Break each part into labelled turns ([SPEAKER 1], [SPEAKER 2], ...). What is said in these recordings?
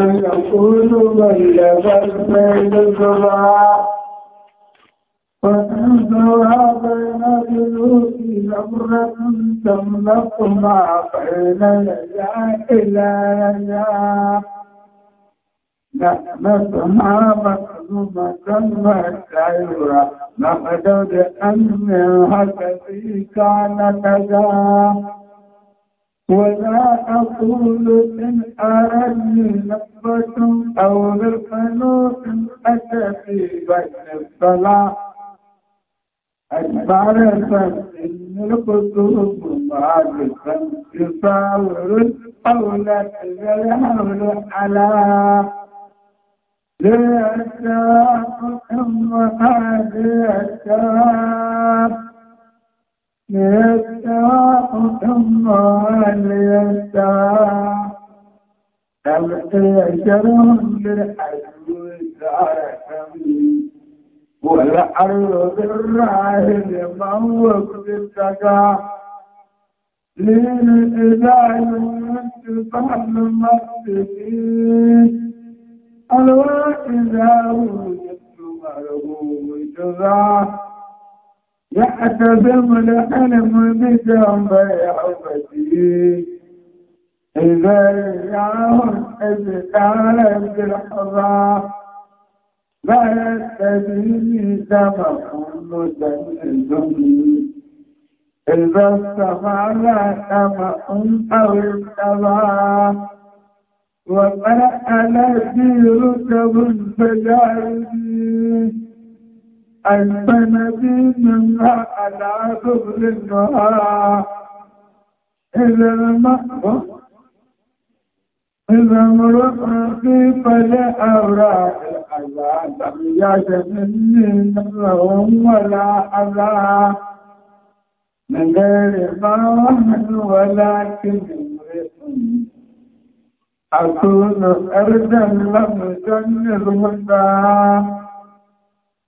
[SPEAKER 1] أن يقول من لبس بين الزراع فتنزوها بين جلوس نمرة تملق ما بين يداك إلى يداك نحن ما مكذوبة مكتعورة نقدر أن من هكذا كان كذا ولا أقول إن أردني نقبة أو بالخلوق أتى في بين الصلاة أجبارة إن القلوب معرفة يصور القول الهول على ليتاكم وهذه الشاب يسعى ثم ليسعى الأجرهم بالعجوز عرفني والعرض الراهل موق بالتقى للإله وانتقى المسجدين الواحد له جد مرغوب جزاه يحتزم الحلم بجنب حبتي إذا يعهم إذ تعالت الحظى لا يستدري دمع مدلل إذا استفع لا دمع أو ارتضى وقرأ لا في ركب الفجائد البنزين منها على ظهر النهار إذا المأوى إذا امرؤ في فلأوراق الأذى لم يجد مني نفهم ولا أذى من غير ما ومن ولكن أكون أرضا لم تنر هدى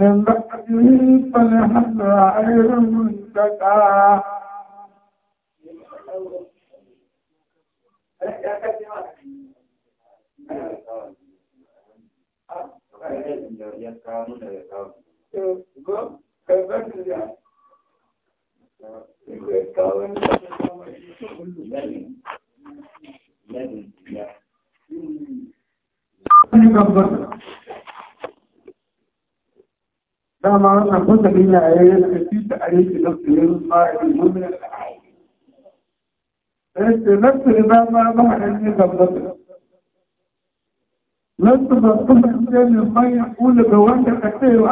[SPEAKER 1] من بعده فنحن غير منتقى Thank you. كما أن كنت إيه، من عيال أكيد عليك نفس الله المؤمن الحي نفس الإمام ما ما حني قبضته نفس الرسول حسين المية يقول بواجه كثير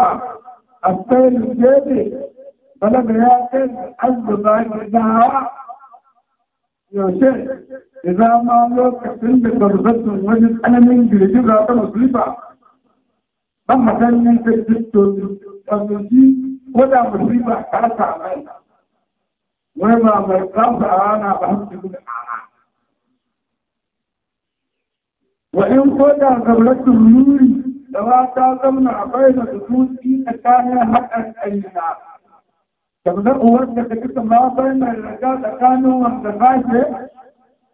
[SPEAKER 1] السير الجابي فلم يأكل حزب ضعيف الدعاء يا شيخ إذا ما لك فيلم بضربته الوجه أنا من جلدي لا تمسلبة ما حكى من تجدته ɗauki wadda musulma ta samai wai ba mai kafawa na ba su da ana wa in koda gablatun nuri da ba ta zauna a bayyana da tutsi tsakanin haɗar ƙayyana kamar uwar da ta kisa ma bayyana raga tsakanin wanda ba ce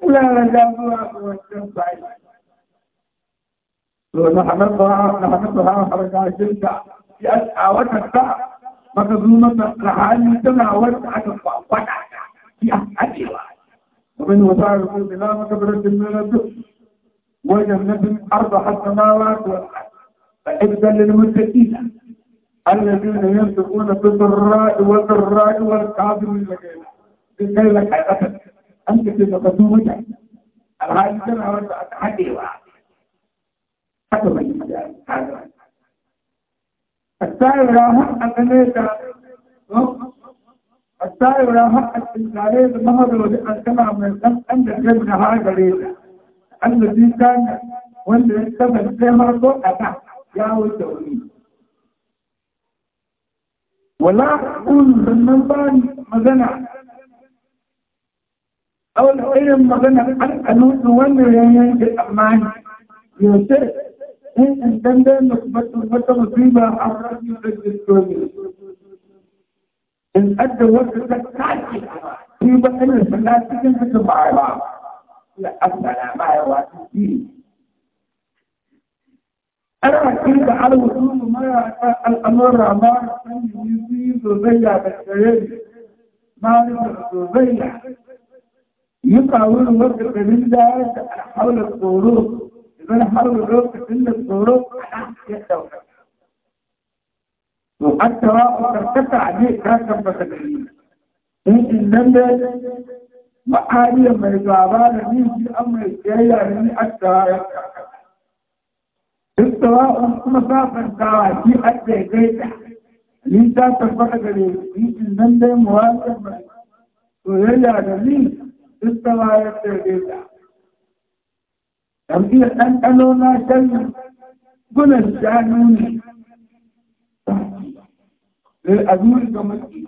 [SPEAKER 1] kula raga zuwa ga wancan bayi. To na halatta ha na halatta ha har ga shirka ya tsawatar ta maka zo maka da hali tunawar da aka kwakwata ya haɗewa ومن وسائل القلب لا مكبرة من الدخل وجنة أربع السماوات والأرض فإبدا للمتقين الذين ينفقون في الضراء والضراء والكاظمين الغيظ بالليل كالأسد أنت في مقدومك الحاج سنة وأنت أتحدي وأحد حتى ما يمكن هذا حتى يراها أنميتا حتى يراها الإنسانية المهضة أن كما من أن يجب نهاية قليلة الذي كان والذي اتبت فيها مرضو أتح يا والتولي ولا أقول بالنظام مدنع أو العلم مدنع أن أنوث وأن يأمان يوسف He intended wata musiba a ranar da Kristomi. In adda wata ta kaki, shi ba irin sana cikin su ba ba. Ya asala ba ya wasu shi. Ana haƙi da alwudu mara al'amura ma san yi yi zozayya da tsare ma yi zozayya. Yi kawo da wata da haula tsoro من حول الروح كل الظروف وحتى ترتفع عليه كاسم بسكين إن لم معالي من الغابان من في أمر الجاية من أكثر استواء مسافة كواكي حتى جيدة لذا تفرق لي إن لم مواجه من ويلا لي استواء يتجيدة أبي أسأل ما شيء قل الشانوني للأدول كمكي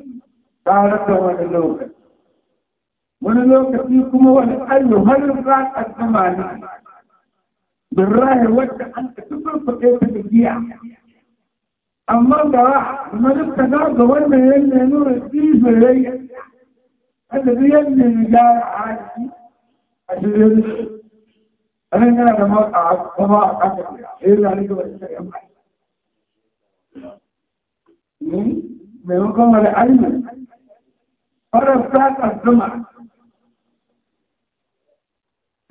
[SPEAKER 1] تعرف ولا لوكة ولا لوكة فيكم ولا أي هل رأت الزمان بالراه وجه أنت تطلق كيف تبيع أما ضاع ما نبتدى قولنا يلي نور الدين في هذا بيلي نجار عادي أشهد أنا لما أعرف وما أعرف إلا لك وإسلام من يقوم على علم فرصات الزمع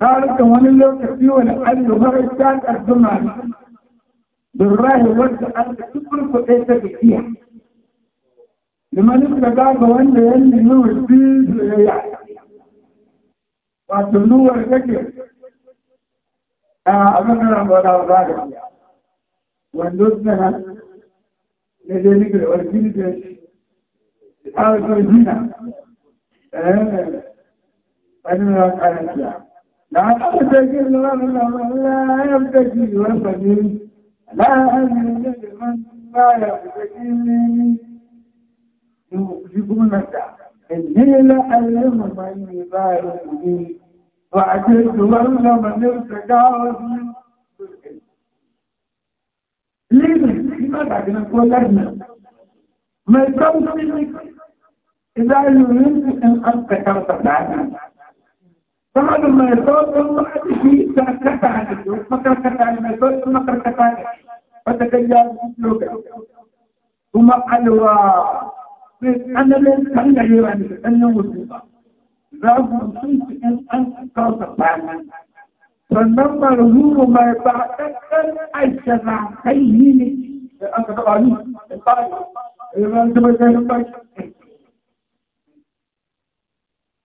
[SPEAKER 1] قالت من اللي تفيه لحل فرصات الزمع بالراه ورد أن تكون فئيسة بكيا لما نقول قال وين اللي نور فيه يعني وأتنور فكر أمامنا ولا أغادر وندوزنا لذلك الأرجين جيش أو الأرجين أنا لا أعرف لا أبتكي لا يبتكي وفقي لك أمن من لا يبتكي يخرجكم مكة إني لأعلم من يبارك لي وعجلت والله من ارتقى ليه ما تعجبنا كل لجنة ما يتكلمش منك إذا يريد أن أتكرت بعدها بعد ما يصاب الله في تركت عنك ما تركت عن ما يصاب ما تركت عنك فتتجاوز مثلك ثم قالوا أنا لن أنا يراني أنه مصيبة za mu sun su in an kausa kwanan sannan maruru mai ba ɗanɗan aisha na kai yi ne da aka taɓa ni da tsari ran zama ganin baki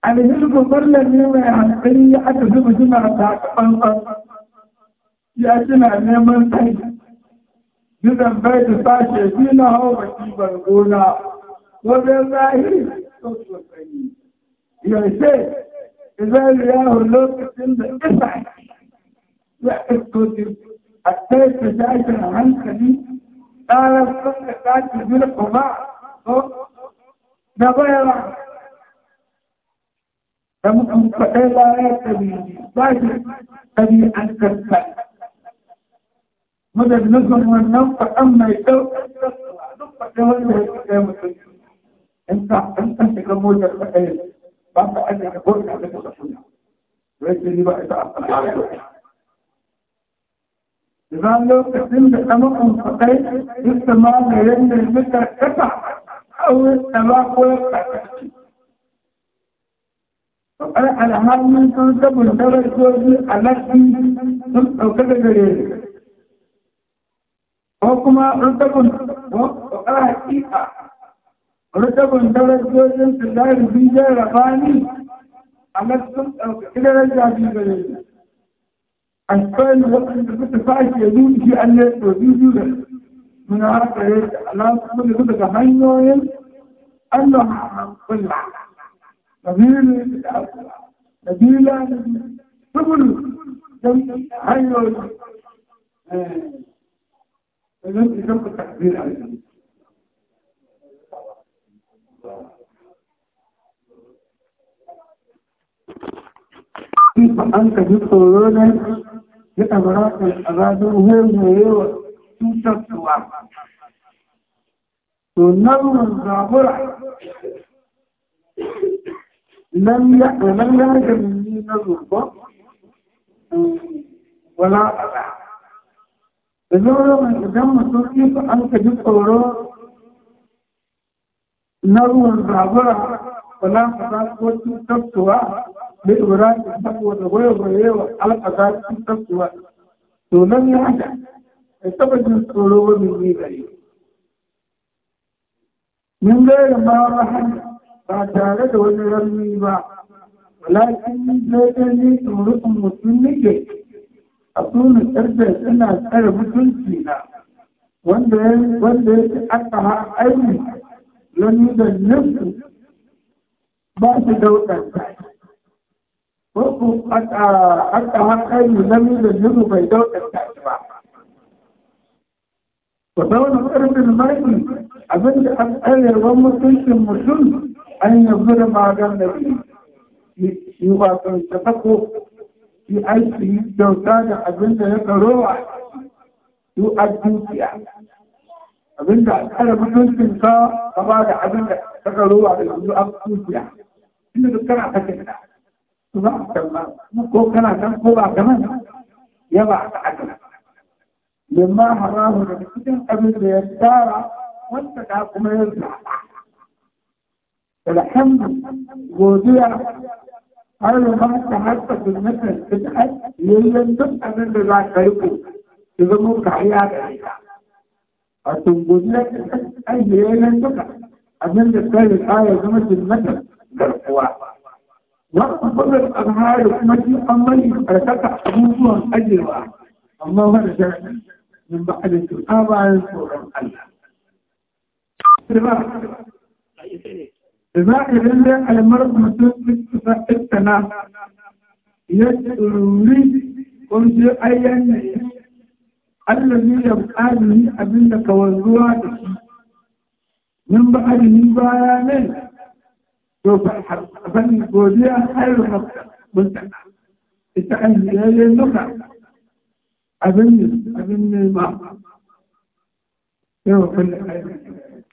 [SPEAKER 1] alhirin gwamnan ne mai hankali ya aka zuba jina ta ɓanɓan ya kina neman kai Gidan bai da sashe biyu na hau baki bargona, wajen zahiri, sosai. yaushe izali yawon lokacin da isa ya iskoci a tsaye ta shaƙin a hankali tsarar kanka tashi zira kuma ko na bayarwa da mutum kwaɗai bayan tabi'i ba shi tabi'an kanta mutum nufin wannan kwaɗan mai ɗaukar kasuwa duk kwaɗai wanda ya fi ɗaya mutum in ka shiga motar kwaɗai بقى قال لي انا كنت عملت الرسول رجلي بقى تعرف لذلك لو تقدمت أمامهم فقيت يستمعون لأن المتر كفع أو السباق ويقع فقال على هذا من تنسب ونسبة الزوجي التي تنسب كده جريد وكما رتب وقال حقيقة rukabin darajojin su darifin jarraba ni a matsin ɗaukaki daraja biyu gare ni a tsayin waɗanda suka fashe zuci an ne ɗobi biyu da muna haka ya ce alaƙa da daga hanyoyin allah hankula ƙabilu da ƙabila da tubulu don hanyoyi da zan fi zan fi takbir a yanzu an ka ji tsoro ne ya tabara al'adun hulmayewa cutarwa to nan zabura nan ya ga ni na zurba wala ala da zaura mai idan mutum yi ba an ka ji tsoro na ruwan zabura wala ka ko cutarwa midbiraki saboda waiwayewa al'aza sun kasuwa to nan ya hada a taba jin tsoro wani ne gare min gaira ma rahan ba tare da wani rami ba walakin daidai ne tsoron mutum nake a sunan ƙarfe suna tsare mutunci na wanda ya ci aka ha aini lalu da nufi ba su daukar ta wasu aka hankali na milin yuzu mai daukar tashi ba. Ku zauna ƙarfin maki abinda an tsayarwar mutuncin mutum an yi zura magan da shi yi wasan shafako yi aiki dauta da abinda ya karowa yi a dukiya. Abinda a tsara mutuncin ka ba da abinda ta karowa da yanzu a dukiya. Inda duk kana kake da za a ko kana kan ko ba kana ya ba ta aka limma haramu da cikin abin da ya tara wanda da kuma ya zaɓa alhamdu godiya har yi ma ta harta su ta ta yayyan duk abin da za ka riko su zama kariya da ita a tun tungudiya ta ta yayyan duka abin da ka yi ya zama sunnatin garkuwa waɗannan alhari kuma shi an mani karkata abubuwan ajewa amma wani sharaɗin min ba a da tuta bayan tsoron Allah. Da za a lalle almar mutum ɗinsa ɗinsa ya tsiruri ƙunshi ayyan ne Allah ne ya ƙari abin da kawar ruwa da shi. Min ba a da ni baya ne to ban godiya har rabin ita an yayin nuka abin abin nema yau kullum ayyuka